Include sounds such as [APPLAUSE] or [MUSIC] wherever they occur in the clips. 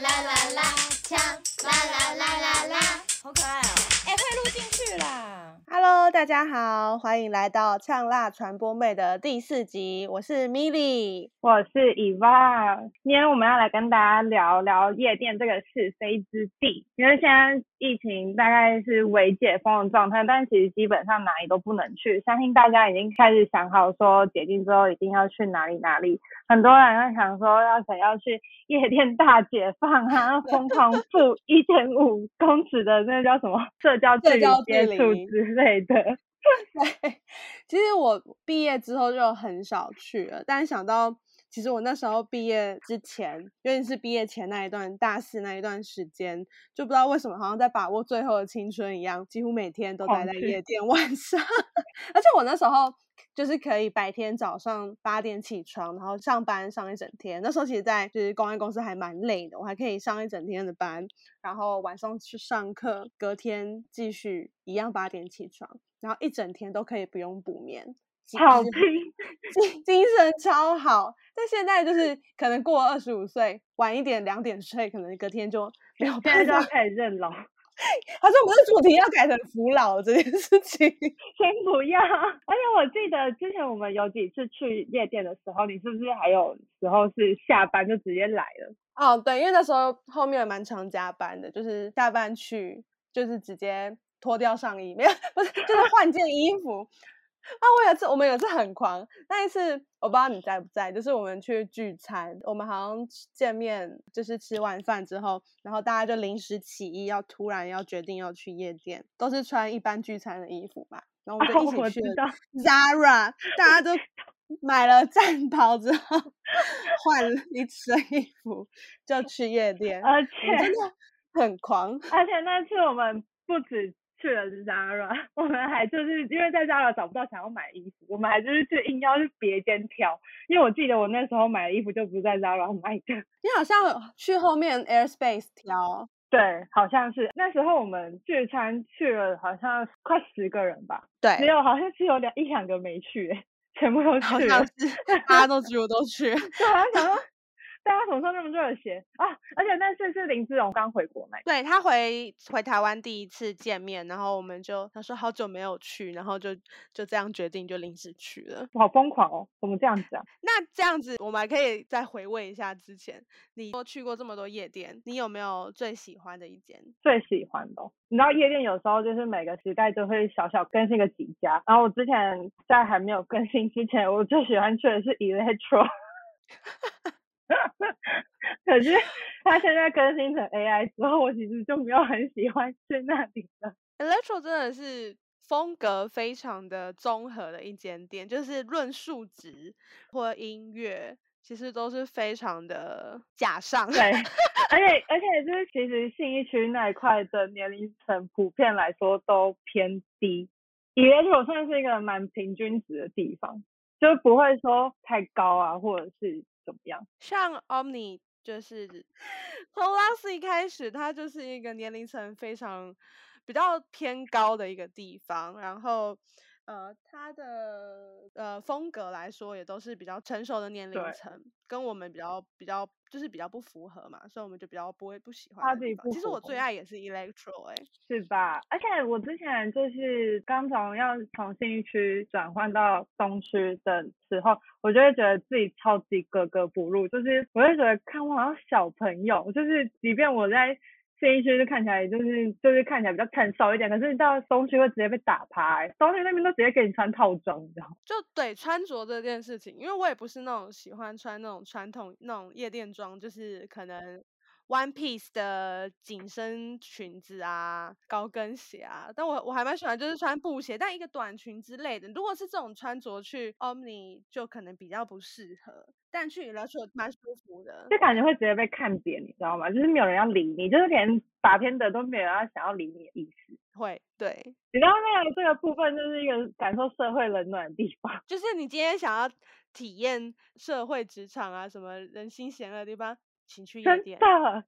啦啦啦，槍！啦啦啦啦啦，拉拉拉拉拉好可愛哦！哎、欸，快錄進去啦 Hello。大家好，歡迎來到嗆辣傳播妹的第四集。我是 Mily。我是 Yvonne。今天我們要來跟大家聊聊夜店這個是非之地。因為現在疫情大概是微解封的狀態，但其實基本上哪裡都不能去。相信大家已經開始想好說解禁之後一定要去哪裡哪裡。很多人在想說要想要去夜店大解放啊，瘋狂負一點五公尺的那叫什麼社交社交接觸之類的。對 [LAUGHS] 對，其實我畢業之後就很少去了。但想到，其實我那時候畢業之前，尤其是畢業前那一段大四那一段時間，就不知道為什麼，好像在把握最後的青春一樣，幾乎每天都待在夜店晚上。去 [LAUGHS] 而且我那時候。就是可以白天早上八點起床，然後上班上一整天。那時候其實在就是公關公司還蠻累的，我還可以上一整天的班，然後晚上去上課，隔天繼續一樣八點起床，然後一整天都可以不用補眠，好精聽精神超好。但現在就是可能過二十五歲，晚一點兩點睡，可能隔天就沒有辦法，就開始認老。 [LAUGHS] 他說：“我們的主題要改成服老這件事情，先不要。”而且我記得之前我們有幾次去夜店的時候，你是不是還有時候是下班就直接來了？哦，對，因為那時候後面也蠻常加班的，就是下班去，就是直接脫掉上衣，沒有，不是，就是換件衣服。 [LAUGHS] 啊，我有次我們有次很狂。那一次我不知道你在不在，就是我們去聚餐，我們好像見面，就是吃完飯之後，然後大家就臨時起意，要突然要決定要去夜店，都是穿一般聚餐的衣服嘛，然後我就一起去 Zara，啊，大家都買了戰袍之後換了一身衣服就去夜店，而且我真的很狂。而且那次我們不止。去了 Zara，我們還就是因為在 Zara 找不到想要買的衣服，我們還就是去硬要去別間挑。因為我記得我那時候買的衣服就不是在 Zara 買的，你好像去後面 Airspace 挑，對，好像是那時候我們聚餐去了，好像快十個人吧，對，沒有好像是有兩一兩個沒去，全部都去了，哈，大家都去，我都去，對。 [LAUGHS] [LAUGHS] 但他同穿那麼多的鞋啊！而且那次是林志榮剛回國那，對，他回回台灣第一次見面，然後我們就他說好久沒有去，然後就就這樣決定就臨時去了。我好瘋狂哦！怎麼這樣子啊？ [LAUGHS] 那這樣子我們還可以再回味一下之前你去過這麼多夜店，你有沒有最喜歡的一間？最喜歡的，哦，你知道夜店有時候就是每個時代都會小小更新個幾家。然後我之前在還沒有更新之前，我最喜歡去的是 Electro。 [LAUGHS] [LAUGHS] 可是他現在更新成 AI 之後，我其實就沒有很喜歡去那裡了。Electro 真的是風格非常的綜合的一間店，就是論數值或音樂，其實都是非常的假上。對，而且而且就是其實信義區那一塊的年齡層普遍來說都偏低。Electro 算是一個蠻平均值的地方，就不會說太高啊，或者是。怎麼樣？像 Omni，就是從拉斯一開始，它就是一個年齡層非常比較偏高的一個地方，然後。呃，他的呃風格來說，也都是比較成熟的年齡層，對跟我們比較比較就是比較不符合嘛，所以我們就比較不會不喜歡。其實我最愛也是 Electro 哎、欸，是吧？而、okay, 且我之前就是剛從要從信義區轉換到東區的時候，我就會覺得自己超級格格不入，就是我會覺得看我好像小朋友，就是即便我在。這一身就看起來就是就是看起來比較成熟一點，可是到冬天會直接被打趴，欸，冬天那邊都直接給你穿套裝，你知道？就對穿着這件事情，因為我也不是那種喜歡穿那種傳統那種夜店裝，就是可能。One Piece 的緊身裙子啊，高跟鞋啊，但我我還蠻喜歡就是穿布鞋，但一個短裙之類的。如果是這種穿着去 Omni，就可能比較不適合。但去 Luxy 蠻舒服的，就感覺會直接被看扁，你知道嗎？就是沒有人要理你，就是連打天的都沒有人要想要理你的意思。會，對。你知道那個這個部分就是一個感受社會冷暖的地方，就是你今天想要體驗社會職場啊，什麼人心險惡的地方。真的，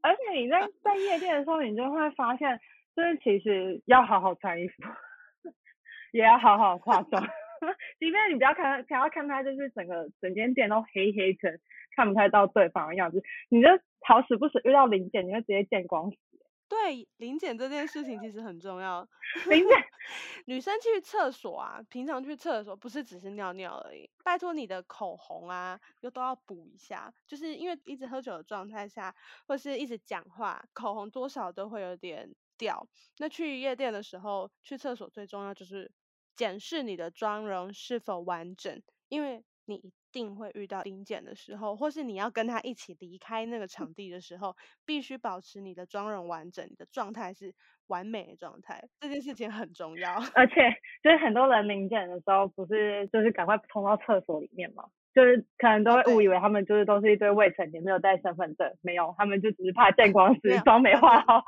而且你在在夜店的時候，你就會發現，就是其實要好好穿衣服，也要好好化妝。即便 [LAUGHS] 你不要看，不要看他，就是整個整間店都黑黑的，看不太到對方的樣子。你就好死不死遇到零點，你會直接見光死。對，臨檢這件事情其實很重要。臨檢，女生去廁所啊，平常去廁所不是只是尿尿而已，拜托你的口紅啊，又都要補一下，就是因為一直喝酒的狀態下，或是一直講話，口紅多少都會有點掉。那去夜店的時候，去廁所最重要就是檢視你的妝容是否完整，因為，你一定會遇到臨檢的時候，或是你要跟他一起離開那個場地的時候，必須保持你的妝容完整，你的狀態是完美的狀態。這件事情很重要，而且就是很多人臨檢的時候，不是就是趕快衝到廁所裡面嗎？就是可能都會誤以為他們就是都是一堆未成年，沒有帶身份證，對沒有，他們就只是怕見光死，妝沒化好。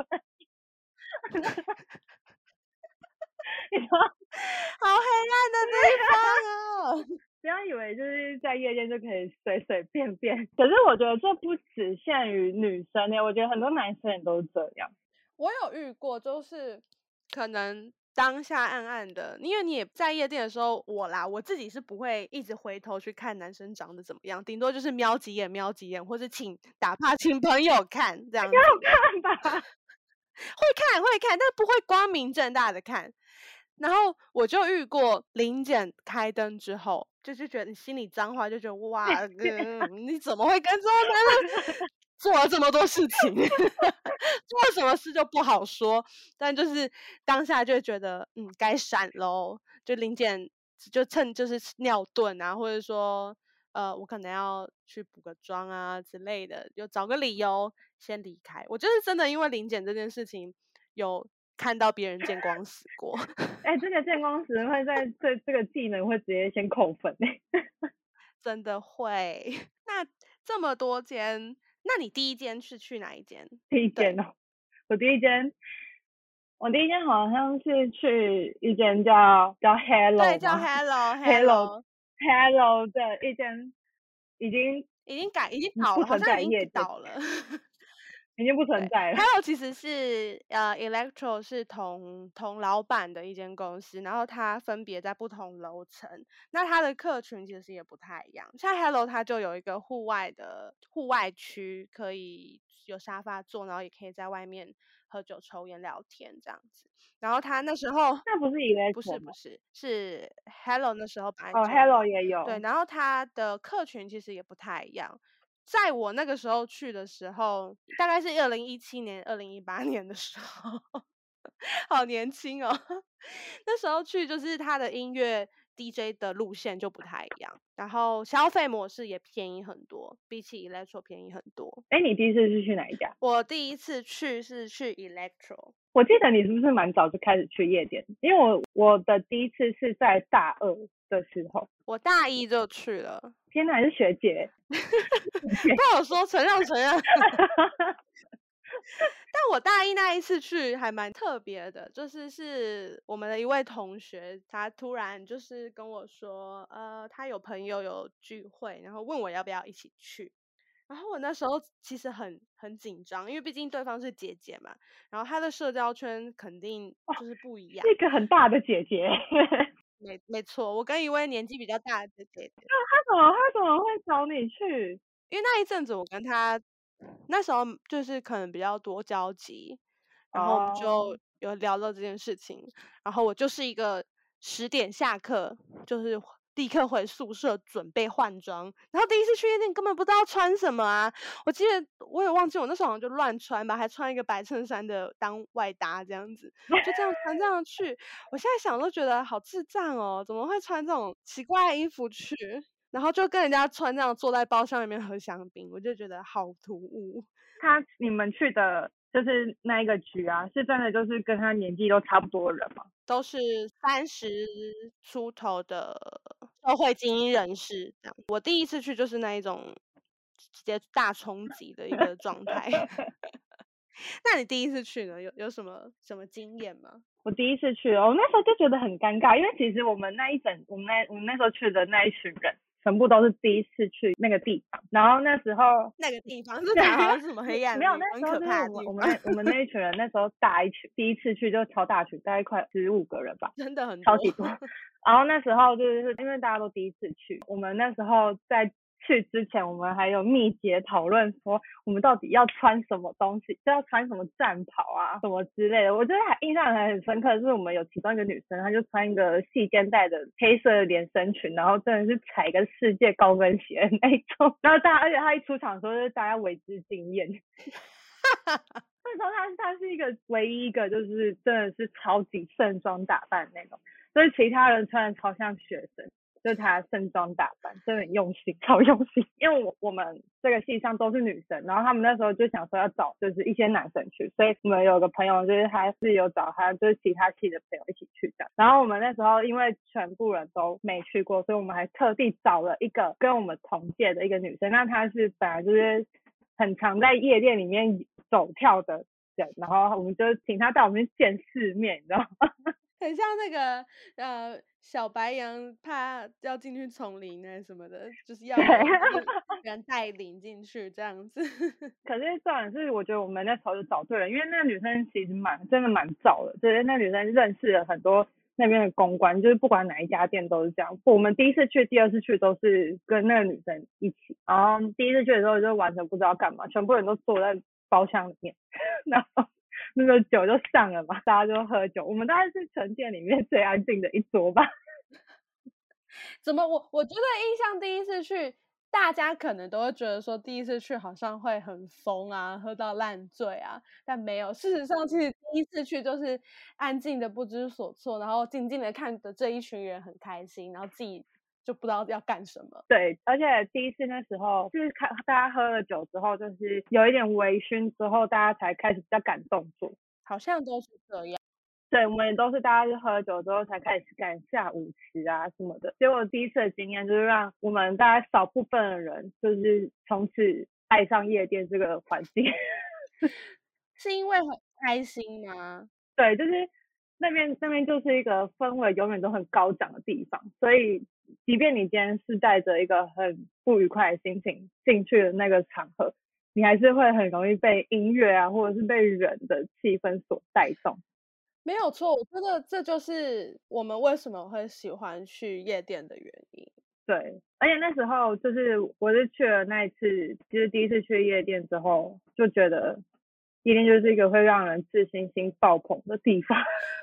你說，好黑暗的地方啊，哦！ [LAUGHS] 不要以為就是在夜店就可以隨隨便便，可是我覺得這不只限於女生，我覺得很多男生也都是這樣。我有遇過，就是可能當下暗暗的，因為你也在夜店的時候，我啦，我自己是不會一直回頭去看男生長得怎麼樣，頂多就是瞄幾眼，瞄幾眼，或者請打怕請朋友看這樣。要看吧， [LAUGHS] 會看會看，但不會光明正大的看。然後我就遇過臨檢開燈之後，就就是，覺得你心裡髒話，就覺得哇，嗯，你怎麼會跟這個男人做了這麼多事情？ [LAUGHS] 做什麼事就不好說，但就是當下就覺得，嗯，該閃嘍。就臨檢就趁就是尿遁啊，或者說呃，我可能要去補個妝啊之類的，就找個理由先離開。我就是真的因為臨檢這件事情有。看到別人見光死過，哎、 [LAUGHS] 欸，真的見光死會在這這個技能會直接先扣分 [LAUGHS] 真的會。那這麼多間，那你第一間是去哪一間？第一間哦對，我第一間，我第一間好像是去一間叫叫 Hello，對，叫 Hello，Hello，Hello 的一間，已經已經改，已經，在已經倒了，好像已經倒了。已經不存在了。Hello 其實是呃、uh, Electro 是同同老板的一間公司，然後它分別在不同樓層，那它的客群其實也不太一樣。像 Hello，它就有一個戶外的戶外區，可以有沙發坐，然後也可以在外面喝酒、抽煙、聊天這樣子。然後它那時候，那不是 Electro 不是，不是，是 Hello 那時候辦。哦，Hello 也有。對，然後它的客群其實也不太一樣。在我那個時候去的時候，大概是二零一七年、二零一八年的時候，好年輕哦。那時候去就是他的音樂 DJ 的路線就不太一樣，然後消費模式也便宜很多，比起 Electro 便宜很多。誒，你第一次是去哪一家？我第一次去是去 Electro。我記得你是不是蠻早就開始去夜店？因為我我的第一次是在大二。的時候，我大一就去了。天哪，是學姐， [LAUGHS] 不好說，承讓承讓。讓 [LAUGHS] [LAUGHS] [LAUGHS] 但我大一那一次去還蠻特別的，就是是我們的一位同學，他突然就是跟我說，呃，他有朋友有聚會，然後問我要不要一起去。然後我那時候其實很很緊張，因為畢竟對方是姐姐嘛，然後他的社交圈肯定就是不一樣，一、哦那個很大的姐姐。 [LAUGHS] 沒沒錯，我跟一位年紀比較大的姐姐。那她怎麼她怎麼會找你去？因為那一陣子我跟她那時候就是可能比較多交集，oh. 然後我們就有聊到這件事情。然後我就是一個十點下課，就是。立刻回宿舍準備換裝，然後第一次去夜店根本不知道穿什麼啊！我記得我也忘記我那時候好像就亂穿吧，還穿一個白襯衫的當外搭這樣子，就這樣穿這樣去。我現在想都覺得好智障哦，怎麼會穿這種奇怪的衣服去？然後就跟人家穿這樣坐在包廂裡面喝香檳，我就覺得好突兀。他你們去的就是那一個局啊，是真的就是跟他年紀都差不多的人嗎？都是三十出頭的。社會精英人士，這樣。我第一次去就是那一種，直接大衝擊的一個狀態。 [LAUGHS] 那你第一次去呢？有有什麼什麼經驗嗎？我第一次去，哦，那時候就覺得很尷尬，因為其實我們那一整，我們那我們那時候去的那一群人。全部都是第一次去那個地方，然後那時候那個地方是講什麼黑暗的？ [LAUGHS] 沒有，那時候是我們 [LAUGHS] 我們我們那一群人那時候大一群第一次去就超大群，大概快十五個人吧，真的很超級多。然後那時候就是因為大家都第一次去，我們那時候在。去之前，我們還有密集討論說，我們到底要穿什麼東西？是要穿什麼戰袍啊，什麼之類的。我覺得還印象還很深刻，是我們有其中一個女生，她就穿一個細肩帶的黑色連身裙，然後真的是踩一個世界高跟鞋那種。然後大家，而且她一出場的時候，就是大家為之驚艷。那時候她她是一個唯一一個，就是真的是超級盛裝打扮那種，所以其他人穿的超像學生。就是他盛裝打扮，真的很用心，超用心。因為我我們這個系上都是女生，然後他們那時候就想說要找，就是一些男生去。所以我們有個朋友，就是他是有找他，就是其他系的朋友一起去的。然後我們那時候因為全部人都沒去過，所以我們還特地找了一個跟我們同屆的一個女生。那她是本來就是很常在夜店裡面走跳的人，然後我們就請她帶我們去見世面，你知道嗎？很像那個呃小白羊，他要進去叢林啊什麼的，就是要人帶領進去對 [LAUGHS] 這樣子。可是算，是，我覺得我們那時候就找對了，因為那女生其實蠻真的蠻早的，就是那女生認識了很多那邊的公關，就是不管哪一家店都是這樣。我們第一次去、第二次去都是跟那個女生一起，然後第一次去的時候就完全不知道幹嘛，全部人都坐在包廂裡面，然後。那個酒就上了嘛，大家就喝酒。我們當然是全店裡面最安靜的一桌吧。怎麼我我覺得印象第一次去，大家可能都會覺得說第一次去好像會很瘋啊，喝到爛醉啊，但沒有。事實上，其實第一次去就是安靜的不知所措，然後靜靜的看着這一群人很開心，然後自己。就不知道要幹什麼。對，而且第一次那時候就是看大家喝了酒之後，就是有一點微醺之後，大家才開始比較敢動作。好像都是這樣，對，我們也都是大家是喝了酒之後才開始敢下舞池啊什麼的。結果第一次的經驗就是讓我們大家少部分的人就是從此愛上夜店這個環境，是因為很開心嗎？對，就是那邊那邊就是一個氛圍永遠都很高漲的地方，所以。即便你今天是帶着一個很不愉快的心情進去的那個場合，你還是會很容易被音樂啊，或者是被人的氣氛所帶動。沒有錯，我覺得這就是我們為什麼會喜歡去夜店的原因。對，而且那時候就是我是去了那一次，其實第一次去夜店之後就覺得。一定就是一個會讓人自信心爆棚的地方，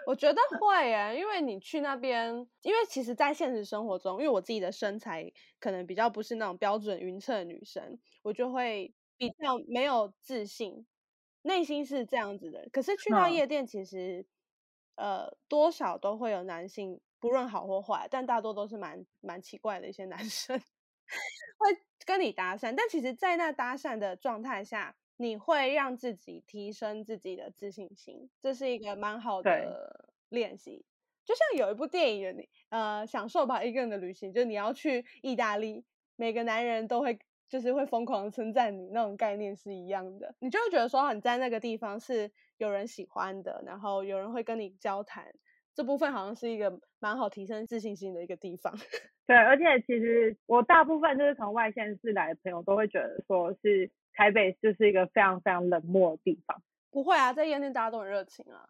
我覺得會誒、啊，因為你去那邊，因為其實，在現實生活中，因為我自己的身材可能比較不是那種標準勻稱的女生，我就會比較沒有自信，嗯、內心是這樣子的。可是去到夜店，其實，嗯、呃，多少都會有男性，不論好或壞，但大多都是蠻蠻奇怪的一些男生，會跟你搭訕。但其實，在那搭訕的狀態下。你會讓自己提升自己的自信心，這是一個蠻好的練習。對就像有一部電影的，你呃，享受吧，一個人的旅行，就是你要去意大利，每個男人都會就是會瘋狂稱讚你，那種概念是一樣的。你就會覺得說，你在那個地方是有人喜歡的，然後有人會跟你交談，這部分好像是一個蠻好提升自信心的一個地方。對，而且其實我大部分就是從外縣市來的朋友，都會覺得說是。台北就是一個非常非常冷漠的地方。不會啊，在夜店大家都很熱情啊。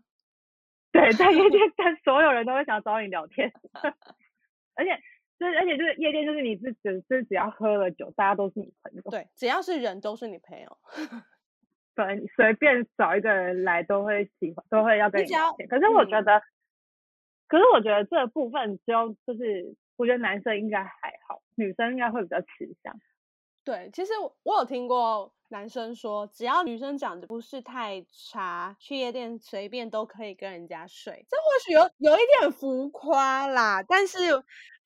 對，在夜店，但 [LAUGHS] 所有人都會想找你聊天。 [LAUGHS] 而且，就是而且就是夜店，就是你自己就只要喝了酒，大家都是你朋友。對，只要是人都是你朋友。你 [LAUGHS] 隨便找一個人來都會喜歡，都會要跟你聊天。可是我覺得，嗯、可是我覺得這部分就就是，我覺得男生應該還好，女生應該會比較吃香。對，其實我有聽過男生說，只要女生長得不是太差，去夜店隨便都可以跟人家睡。這或許有有一點浮誇啦，但是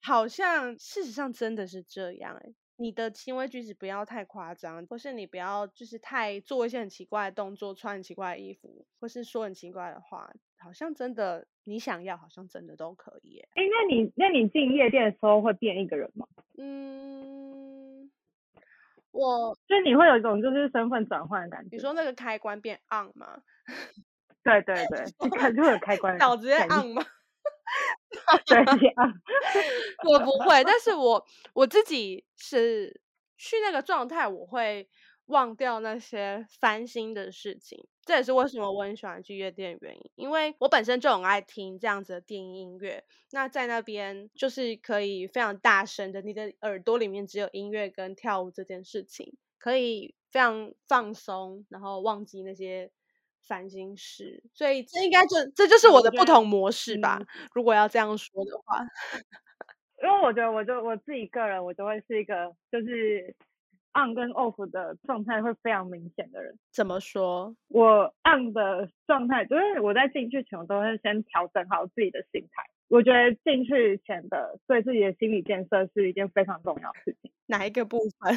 好像事實上真的是這樣哎、欸。你的行為舉止不要太誇張，或是你不要就是太做一些很奇怪的動作，穿很奇怪的衣服，或是說很奇怪的話，好像真的你想要，好像真的都可以哎、欸。哎、欸，那你那你進夜店的時候會變一個人嗎？嗯。我就，你會有一種就是身份轉換的感覺。你說那個開關變暗嗎？對對對，就開 [LAUGHS] 就會有開關。腦， [LAUGHS] 直接暗嗎？直接暗。我不會，但是我我自己是去那個狀態，我會忘掉那些煩心的事情。這也是為什麼我很喜歡去夜店的原因，因為我本身就很愛聽這樣子的電音音樂。那在那邊就是可以非常大聲的，你的耳朵裡面只有音樂跟跳舞這件事情，可以非常放鬆，然後忘記那些煩心事。所以這應該就這就是我的不同模式吧，嗯，如果要這樣說的話。因為我覺得，我就我自己個人，我就會是一個就是。on 跟 off 的狀態會非常明顯的人，怎麼說？我 on 的狀態，就是我在進去前我都會先調整好自己的心態。我覺得進去前的對自己的心理建設是一件非常重要的事情。哪一個部分？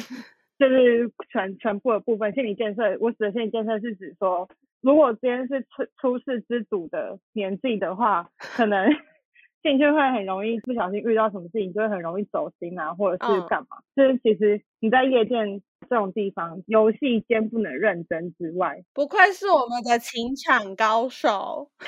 就是全全部的部分心理建設。我指的心理建設是指說，如果今天是初初試之組的年紀的話，可能。 [LAUGHS] 進去會很容易，不小心遇到什麼事情就會很容易走心啊，或者是幹嘛？嗯、就是其實你在夜店這種地方，遊戲間不能認真之外，不愧是我們的情場高手。 [LAUGHS] [LAUGHS]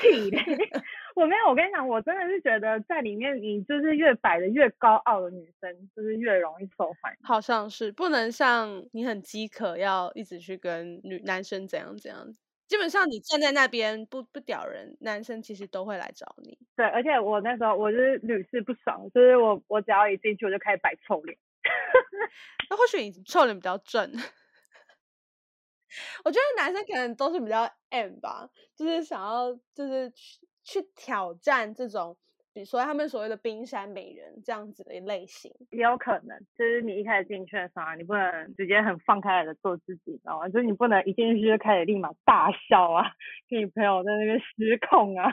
我沒有，我跟你講，我真的是覺得在裡面，你就是越擺的越高傲的女生，就是越容易受歡迎。好像是不能像你很飢渴，要一直去跟女男生怎樣怎樣。基本上你站在那邊不不屌人，男生其實都會來找你。對，而且我那時候我是屢試不爽，就是我我只要一進去我就開始擺臭臉。那、 [LAUGHS] 啊、或許你臭臉比較正， [LAUGHS] 我覺得男生可能都是比較 M 吧，就是想要就是去去挑戰這種。你說他們所謂的冰山美人這樣子的一類型，也有可能就是你一開始進去的時候啊，你不能直接很放開來的做自己，你知道嗎？就是你不能一進去就開始立馬大笑啊，跟你朋友在那邊失控啊。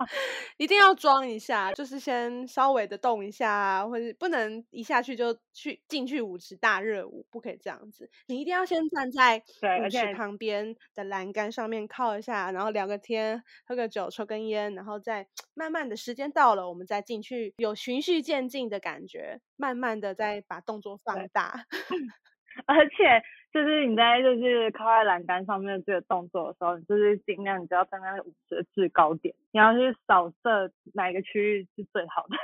[LAUGHS] 一定要裝一下，就是先稍微的動一下，或者不能一下去就去進去舞池大熱舞，不可以這樣子。你一定要先站在舞池旁邊的欄杆上面靠一下，然後聊個天，喝個酒，抽根煙，然後再慢慢的時間到了，我們再進去，有循序漸進的感覺，慢慢的再把動作放大，而且，就是你在就是靠在欄杆上面這個動作的時候，你就是盡量你要站在那個舞池的制高點，你要去掃射哪一個區域是最好的。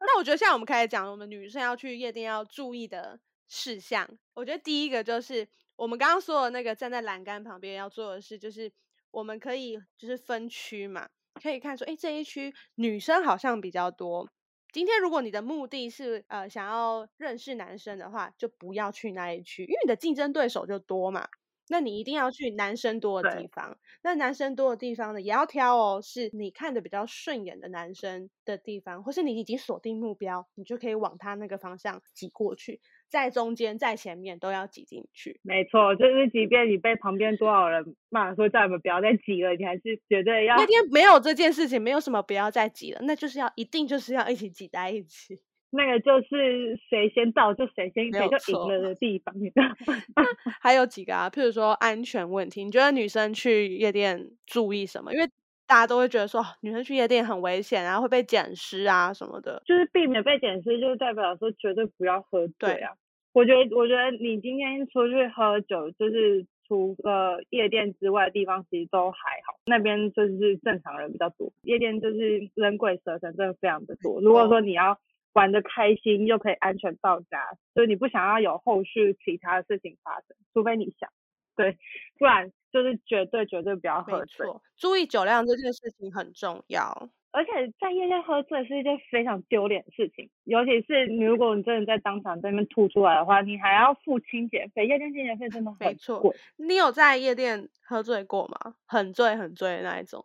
那 [LAUGHS] 我覺得像我們開始講，我們女生要去夜店要注意的事項，我覺得第一個就是我們剛剛說的那個站在欄杆旁邊要做的事，就是我們可以就是分區嘛，可以看出，哎，這一區女生好像比較多。今天，如果你的目的是呃想要認識男生的話，就不要去那一區，因為你的競爭對手就多嘛。那你一定要去男生多的地方。對那男生多的地方呢，也要挑哦，是你看得比較順眼的男生的地方，或是你已經鎖定目標，你就可以往他那個方向擠過去，在中間、在前面都要擠進去。沒錯，就是即便你被旁邊多少人罵說“叫你們不要再擠了”，你還是絕對要。那天沒有這件事情，沒有什麼不要再擠了，那就是要，一定就是要一起擠在一起。那個就是誰先到就誰先，誰就贏了的地方。你知道嗎？ [LAUGHS] 還有幾個啊？譬如說安全問題，你覺得女生去夜店注意什麼？因為大家都會覺得說，女生去夜店很危險啊，然後會被撿屍啊什麼的。就是避免被撿屍，就是代表說絕對不要喝醉啊。對我覺得，我覺得你今天出去喝酒，就是除了夜店之外的地方，其實都還好。那邊就是正常人比較多，夜店就是牛鬼蛇神真的非常的多。如果說你要。玩的開心又可以安全到家，所以你不想要有後續其他的事情發生，除非你想，對，不然就是絕對絕對不要喝醉，注意酒量這件事情很重要。而且在夜店喝醉是一件非常丟臉的事情，尤其是你如果你真的在當場在那邊吐出來的話，你還要付清潔費，夜店清潔費真的很貴沒錯。你有在夜店喝醉過嗎？很醉很醉的那一種，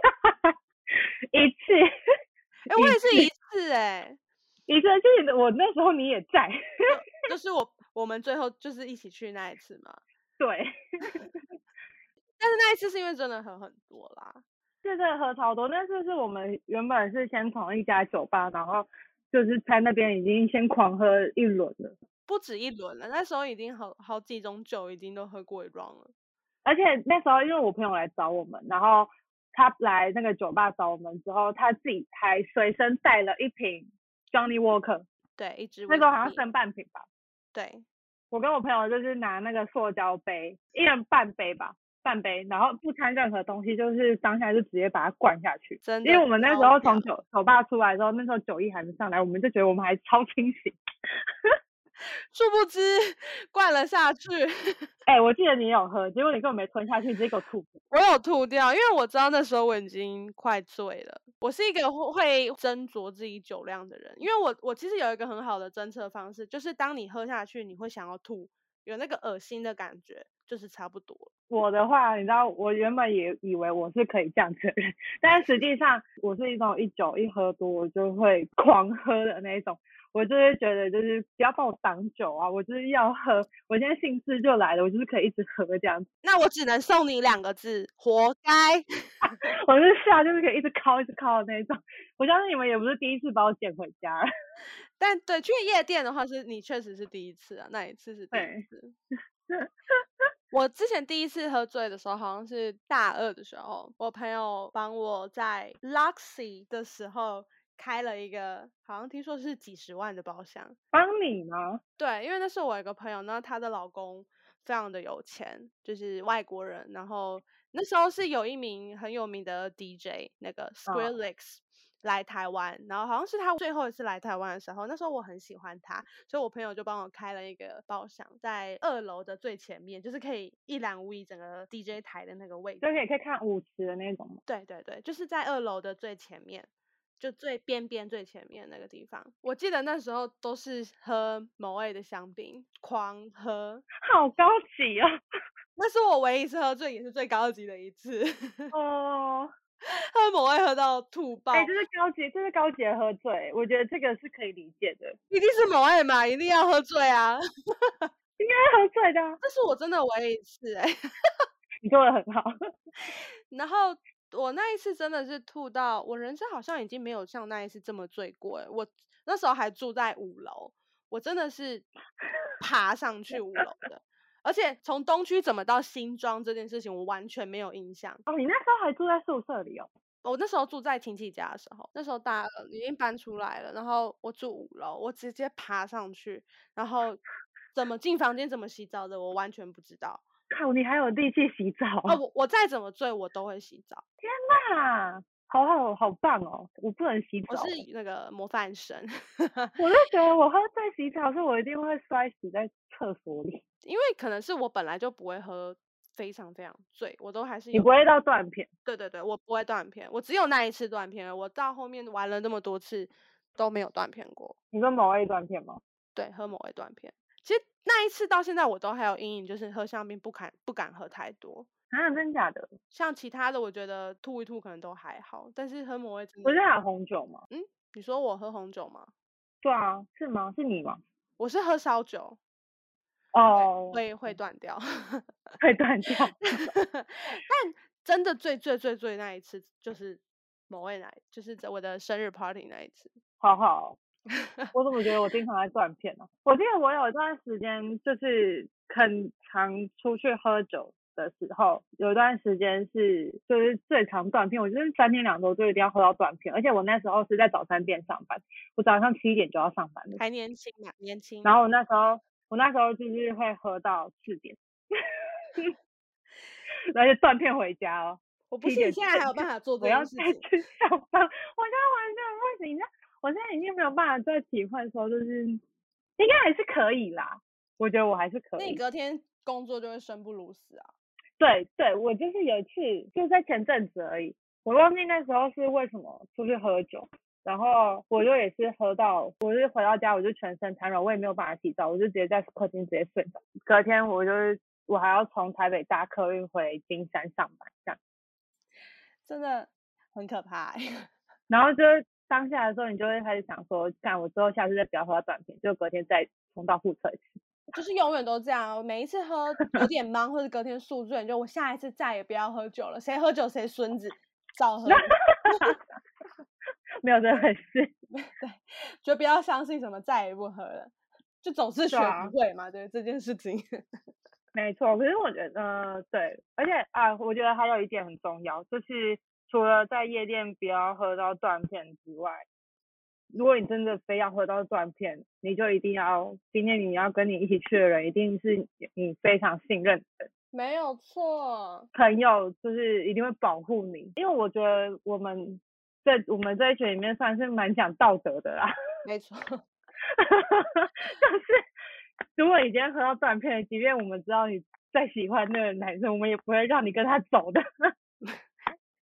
[LAUGHS] 一次。 [LAUGHS] 哎，欸、次我也是一次哎、欸，一次就是我那時候你也在， [LAUGHS] 就是我我們最後就是一起去那一次嘛。對， [LAUGHS] 但是那一次是因為真的喝很,很多啦，是真的喝超多。那次是我們原本是先從一家酒吧，然後就是在那邊已經先狂喝一輪了，不止一輪了。那時候已經好好幾種酒已經都喝過一輪了，而且那時候因為我朋友來找我們，然後。他來那個酒吧找我們之後，他自己還隨身帶了一瓶 Johnny Walker，對，一支，那時候好像剩半瓶吧。對。我跟我朋友就是拿那個塑膠杯，一人半杯吧，半杯，然後不摻任何東西，就是當下就直接把它灌下去。真的。因為我們那時候從酒小酒吧出來之後，那時候酒意還沒上來，我們就覺得我們還超清醒。 [LAUGHS] 殊不知灌了下去， [LAUGHS] 哎、欸，我記得你有喝，結果你根本沒吞下去，只直接吐。我有吐掉，因為我知道那時候我已經快醉了。我是一個會斟酌自己酒量的人，因為我我其實有一個很好的偵測方式，就是當你喝下去，你會想要吐，有那個惡心的感覺，就是差不多。我的話，你知道，我原本也以為我是可以這樣子的人，但實際上我是一種一酒一喝多我就會狂喝的那一種。我就是覺得，就是不要幫我擋酒啊！我就是要喝，我現在興致就來了，我就是可以一直喝這樣子。那我只能送你兩個字：活該。 [LAUGHS] 我就是笑就是可以一直 call 一直 call 的那一種。我相信你們也不是第一次把我撿回家，但對去夜店的話是，是你確實是第一次啊，那一次是第一次。對 [LAUGHS] 我之前第一次喝醉的時候，好像是大二的時候，我朋友幫我在 Luxy 的時候。開了一個，好像聽說是幾十萬的包廂，幫你嗎？對，因為那時候我有一個朋友呢，她的老公非常的有錢，就是外國人。然後那時候是有一名很有名的 DJ，那個 Skrillex、哦、來台灣，然後好像是他最後一次來台灣的時候，那時候我很喜歡他，所以我朋友就幫我開了一個包廂，在二樓的最前面，就是可以一覽無遺整個 DJ 台的那個位置，就是也可以看舞池的那種。對對對，就是在二樓的最前面。就最邊邊最前面那個地方，我記得那時候都是喝某愛的香檳，狂喝，好高級哦、啊！那是我唯一一次喝醉，也是最高級的一次。哦，喝某愛喝到吐爆！哎、欸，這是高級，這是高級的喝醉，我覺得這個是可以理解的。一定是某愛嘛，一定要喝醉啊！ [LAUGHS] 應該喝醉的、啊，這是我真的唯一一次哎、欸。 [LAUGHS] 你做得很好。然後。我那一次真的是吐到我人生好像已經沒有像那一次這麼醉過哎！我那時候還住在五樓，我真的是爬上去五樓的，而且從東區怎麼到新莊這件事情，我完全沒有印象哦。你那時候還住在宿舍裡哦？我那時候住在親戚家的時候，那時候大了，已經搬出來了，然後我住五樓，我直接爬上去，然後怎麼進房間、怎麼洗澡的，我完全不知道。靠，你還有力氣洗澡啊？哦，我我再怎麼醉，我都會洗澡。天哪，好好好棒哦！我不能洗澡，我是那個模範生。 [LAUGHS] 我就覺得我喝醉洗澡時，我一定會摔死在廁所裡。因為可能是我本來就不會喝，非常非常醉，我都還是。你不會到斷片。對對對，我不會斷片，我只有那一次斷片。我到後面玩了那麼多次都沒有斷片過。你說某位斷片嗎？對，喝某位斷片。其實那一次到現在我都還有陰影，就是喝香檳不敢不敢喝太多。啊，真假的？像其他的，我覺得吐一吐可能都還好，但是喝某位不是喝紅酒嗎？嗯，你說我喝紅酒嗎？對啊，是嗎？是你嗎？我是喝燒酒。哦、oh，所以會斷掉，會 [LAUGHS] 斷掉。 [LAUGHS] 但真的最最最最那一次就是某位來就是在我的生日 party 那一次。好好。 [LAUGHS] 我怎麼覺得我經常在斷片呢、啊？我記得我有一段時間就是很常出去喝酒的時候，有一段時間是就是最常斷片，我就是三天兩頭就一定要喝到斷片。而且我那時候是在早餐店上班，我早上七點就要上班，還年輕嘛、啊，年輕、啊。然後我那時候，我那時候就是會喝到四點， [LAUGHS] [LAUGHS] 然後就斷片回家哦。我不信你現在，點點現在還有辦法做這個事情。我要再去上班，我現在完全不行我現在已經沒有辦法再體會說，就是應該還是可以啦，我覺得我還是可以。那你隔天工作就會生不如死啊？對對，我就是有一次，就在前陣子而已，我忘記那時候是為什麼出去喝酒，然後我就也是喝到，我就回到家我就全身癱軟，我也沒有辦法洗澡，我就直接在客廳直接睡着。隔天我就是我還要從台北搭客運回金山上班，這樣真的很可怕欸。然後就。當下的時候，你就會開始想說，幹我之後下次再不要喝到斷片，就隔天再重蹈覆轍。就是永遠都這樣，我每一次喝有點茫，或者隔天宿醉，你就我下一次再也不要喝酒了。誰喝酒誰孫子，照喝 [LAUGHS] [LAUGHS] 沒有這回事。對，就不要相信什麼再也不喝了，就總是學不會嘛。啊、對這件事情， [LAUGHS] 沒錯。可是我覺得、呃、對，而且啊，我覺得還有一點很重要，就是。除了在夜店不要喝到斷片之外，如果你真的非要喝到斷片，你就一定要，今天你要跟你一起去的人一定是你非常信任的。沒有錯，朋友就是一定會保護你，因為我覺得我們在我們這一群裡面算是蠻講道德的啦。沒錯， [LAUGHS] 但是如果你今天喝到斷片，即便我們知道你再喜歡那個男生，我們也不會讓你跟他走的。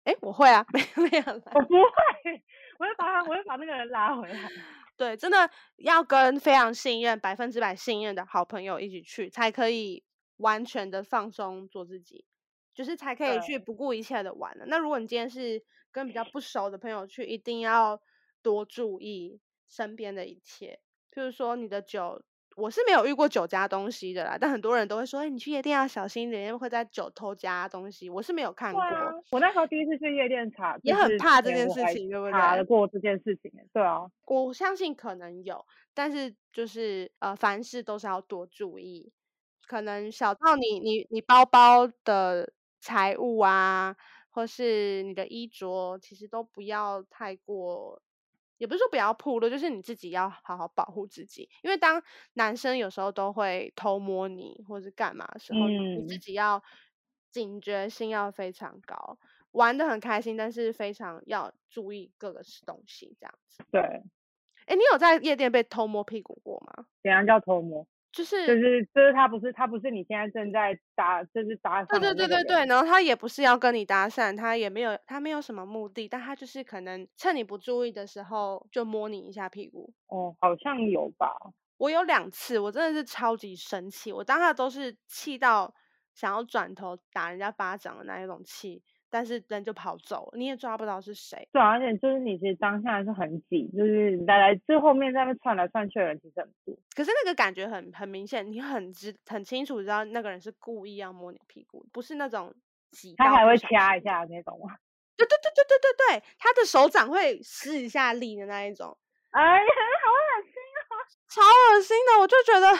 哎，我會啊，沒有沒有，我不會，我會把他，我要把那個人拉回來。 [LAUGHS] 對，真的要跟非常信任、百分之百信任的好朋友一起去，才可以完全的放鬆做自己，就是才可以去不顧一切的玩。對那如果你今天是跟比較不熟的朋友去，一定要多注意身邊的一切，譬如說你的酒。我是沒有遇過酒加東西的啦，但很多人都會說，欸、你去夜店要小心人家會在酒偷加東西。我是沒有看過，啊，我那時候第一次去夜店查，也很怕這件事情，對不對？怕過這件事情，對啊，我相信可能有，但是就是呃，凡事都是要多注意，可能小到你你你包包的財物啊，或是你的衣着，其實都不要太過。也不是說不要暴露，就是你自己要好好保護自己。因為當男生有時候都會偷摸你或者幹嘛的時候，嗯、你自己要警覺性要非常高。玩得很開心，但是非常要注意各個東西這樣子。對，哎、欸，你有在夜店被偷摸屁股過嗎？怎樣叫偷摸？就是就是就是他不是，他不是你現在正在搭，就是搭訕。對對對對對。然後他也不是要跟你搭訕，他也沒有，他沒有什麼目的，但他就是可能趁你不注意的時候就摸你一下屁股。哦，好像有吧？我有兩次，我真的是超級生氣，我當時都是氣到想要轉頭打人家巴掌的那一種氣。但是人就跑走了，你也抓不到是誰。對啊，而且就是你其實當下是很擠，就是大概最後面在那竄來竄去的人其實很多。可是那個感覺很很明顯，你很知很清楚知道那個人是故意要摸你屁股，不是那種擠。他還會掐一下那種嗎？對對對對對對對，他的手掌會施一下力的那一種。哎呀。超惡心的，我就覺得，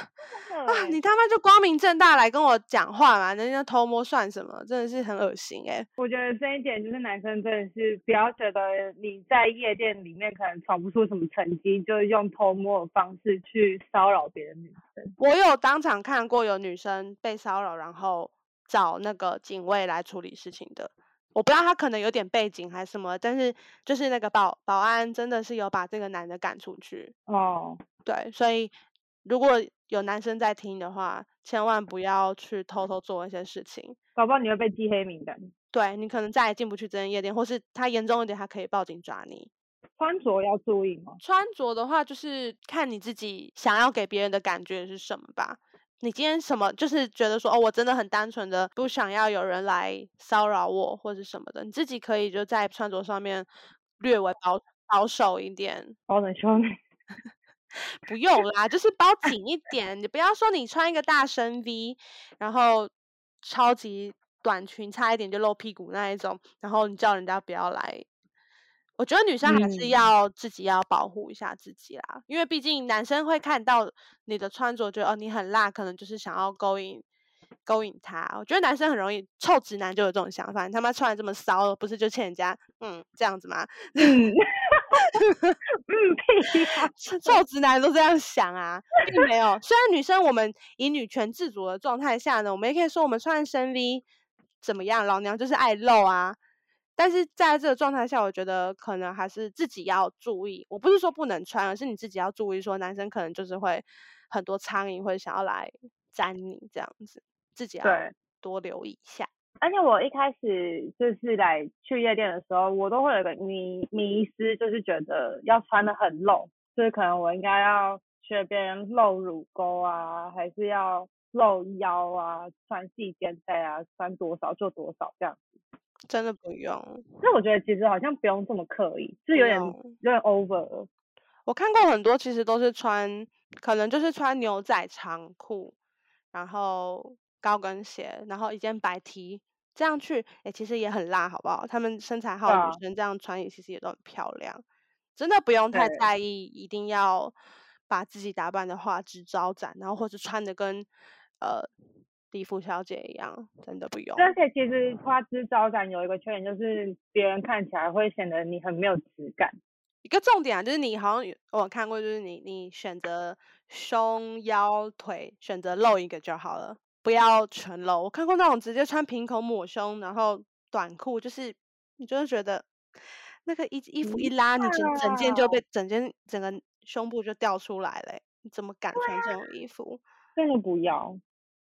啊，你他媽就光明正大來跟我講話嘛，人家偷摸算什麼？真的是很惡心誒。我覺得這一點就是男生真的是不要覺得你在夜店裡面可能闖不出什麼成績，就是用偷摸的方式去騷擾別的女生。我有當場看過有女生被騷擾，然後找那個警衛來處理事情的。我不知道他可能有點背景還是什麼，但是就是那個保保安真的是有把這個男的趕出去哦。對，所以如果有男生在聽的話，千萬不要去偷偷做一些事情，搞不好你會被記黑名單。對，你可能再也進不去這間夜店，或是他嚴重一點，他可以報警抓你。穿着要注意哦。穿着的話，就是看你自己想要給別人的感覺是什麼吧。你今天什麼就是覺得說哦，我真的很單純的不想要有人來騷擾我或者什麼的，你自己可以就在穿着上面略微保保守一點。保守些，不用啦，就是包緊一點。你 [LAUGHS] 不要說你穿一個大深 V，然後超級短裙，差一點就露屁股那一種，然後你叫人家不要來。我覺得女生還是要自己要保護一下自己啦，嗯、因為畢竟男生會看到你的穿着，覺得哦你很辣，可能就是想要勾引勾引他。我覺得男生很容易臭直男就有這種想法，你他媽穿這麼騷，不是就欠人家嗯這樣子嗎？嗯，哈哈哈哈嗯臭直男都這樣想啊，並沒有，雖然女生我們以女權自主的狀態下呢，我們也可以說我們穿深 V 怎麼樣，老娘就是愛露啊。但是在這個狀態下，我覺得可能還是自己要注意。我不是說不能穿，而是你自己要注意，說男生可能就是會很多蒼蠅會想要來粘你這樣子，自己要多留意一下。對而且我一開始就是來去夜店的時候，我都會有個迷迷思，就是覺得要穿得很露，就是可能我應該要去那邊露乳溝啊，還是要露腰啊，穿細肩帶啊，穿多少就多少這樣。真的不用，那我覺得其實好像不用這麼刻意，就有點、哦、有點 over。我看過很多，其實都是穿，可能就是穿牛仔長褲，然後高跟鞋，然後一件白 T，這樣去、欸，其實也很辣，好不好？他們身材好女生，啊、這樣穿也其實也都很漂亮，真的不用太在意，對一定要把自己打扮的花枝招展，然後或者穿的跟，呃。衣服小姐一樣，真的不用。而且其實花枝招展有一個缺點，就是別人看起來會顯得你很沒有質感。一個重點啊，就是你好像有我看過，就是你你選擇胸腰腿，選擇露一個就好了，不要全露。我看過那種直接穿平口抹胸，然後短褲，就是你真的覺得那個衣衣服一拉，嗯、你整整件就被、啊、整件整個胸部就掉出來了，你怎麼敢穿這種衣服？真的不要。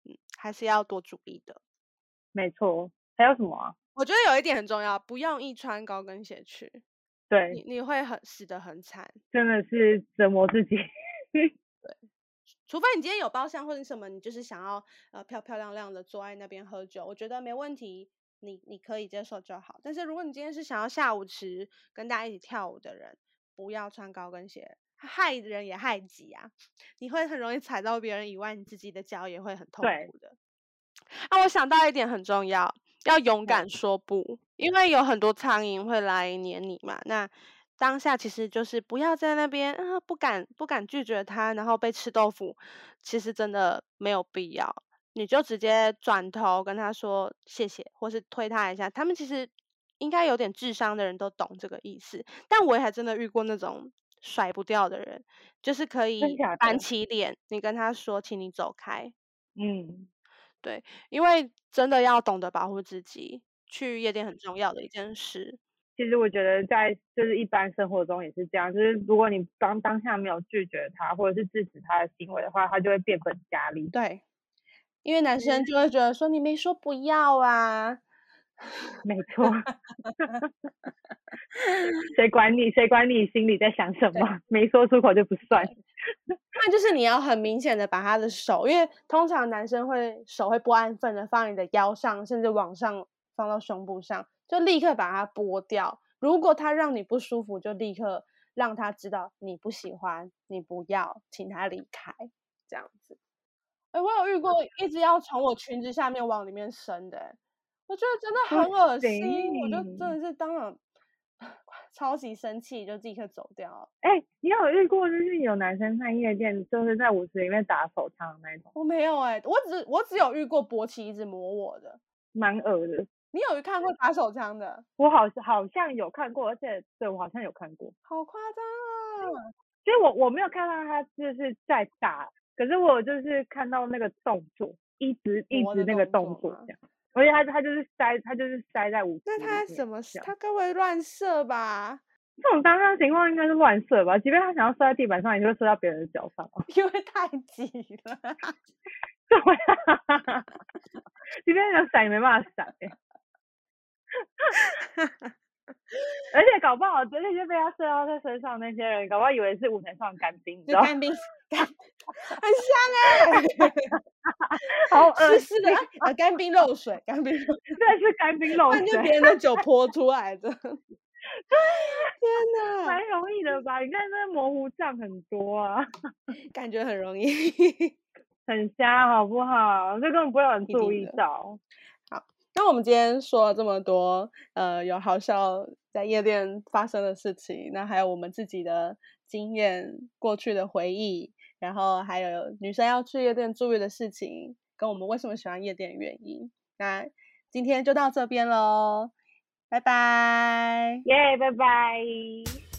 嗯、還是要多注意的，沒錯。還有什麼、啊、我覺得有一點很重要，不用一穿高跟鞋去，對，你你會很死得很慘，真的是折磨自己。 [LAUGHS] 對，除，除非你今天有包廂或者什麼，你就是想要呃漂漂亮亮的坐在那邊喝酒，我覺得沒問題，你你可以接受就好。但是如果你今天是想要下舞池跟大家一起跳舞的人，不要穿高跟鞋。害人也害己啊！你會很容易踩到別人以外，你自己的腳也會很痛苦的。對啊，我想到一點很重要，要勇敢說不，嗯、因為有很多蒼蠅會來黏你嘛。那當下其實就是不要在那邊啊、呃，不敢不敢拒絕他，然後被吃豆腐，其實真的沒有必要。你就直接轉頭跟他說謝謝，或是推他一下。他們其實應該有點智商的人都懂這個意思，但我也還真的遇過那種。甩不掉的人，就是可以板起臉，你跟他說，請你走開。嗯，對，因為真的要懂得保護自己，去夜店很重要的一件事。其實我覺得在就是一般生活中也是這樣，就是如果你當當下沒有拒絕他，或者是制止他的行為的話，他就會變本加厲。對，因為男生就會覺得說，嗯，你沒說不要啊。 [LAUGHS] 沒錯錯，誰 [LAUGHS] 管你？誰管你心裡在想什麼？對沒說出口就不算。那就是你要很明顯的把他的手，因為通常男生會手會不安分的放你的腰上，甚至往上放到胸部上，就立刻把它撥掉。如果他讓你不舒服，就立刻讓他知道你不喜歡，你不要，請他離開。這樣子。欸。我有遇過一直要從我裙子下面往裡面伸的。欸。我覺得真的很噁心，誰我就真的是當場超級生氣，就立刻走掉了。哎、欸，你有遇過就是有男生在夜店就是在舞池裡面打手槍的那種？我沒有哎、欸，我只我只有遇過勃起一直磨我的，蠻噁的。你有看過打手槍的？我好像好像有看過，而且對，我好像有看過。好誇張啊！其實我我沒有看到他就是在打，可是我就是看到那個動作，一直一直那個動作這樣。而且他他就是塞他就是塞在那他什麼？樣他該不會亂射吧？這種當下情況應該是亂射吧？即便他想要射在地板上，也會射到別人的腳上，因為太擠了。這麼 [LAUGHS] 即便想閃也沒辦法閃、欸。 [LAUGHS] 而且搞不好，那就被他射到在身上那些人，搞不好以為是舞台上的乾冰，你知道嗎？ [LAUGHS] [LAUGHS] 很香哎、啊， [LAUGHS] 好呃濕心 [LAUGHS] 的啊，啊乾冰漏水，乾冰漏水，但是乾冰漏水，那就別人的酒潑出來了。真 [LAUGHS] 天蠻哪容易的吧？你看那模糊像很多啊， [LAUGHS] 感覺很容易， [LAUGHS] 很瞎，好不好？這根本不會有人注意到。好，那我們今天說了這麼多，呃，有好笑在夜店發生的事情，那還有我們自己的經驗，過去的回憶。然後還有女生要去夜店注意的事情，跟我們為什麼喜歡夜店的原因。那今天就到這邊嘍，拜拜！耶，拜拜！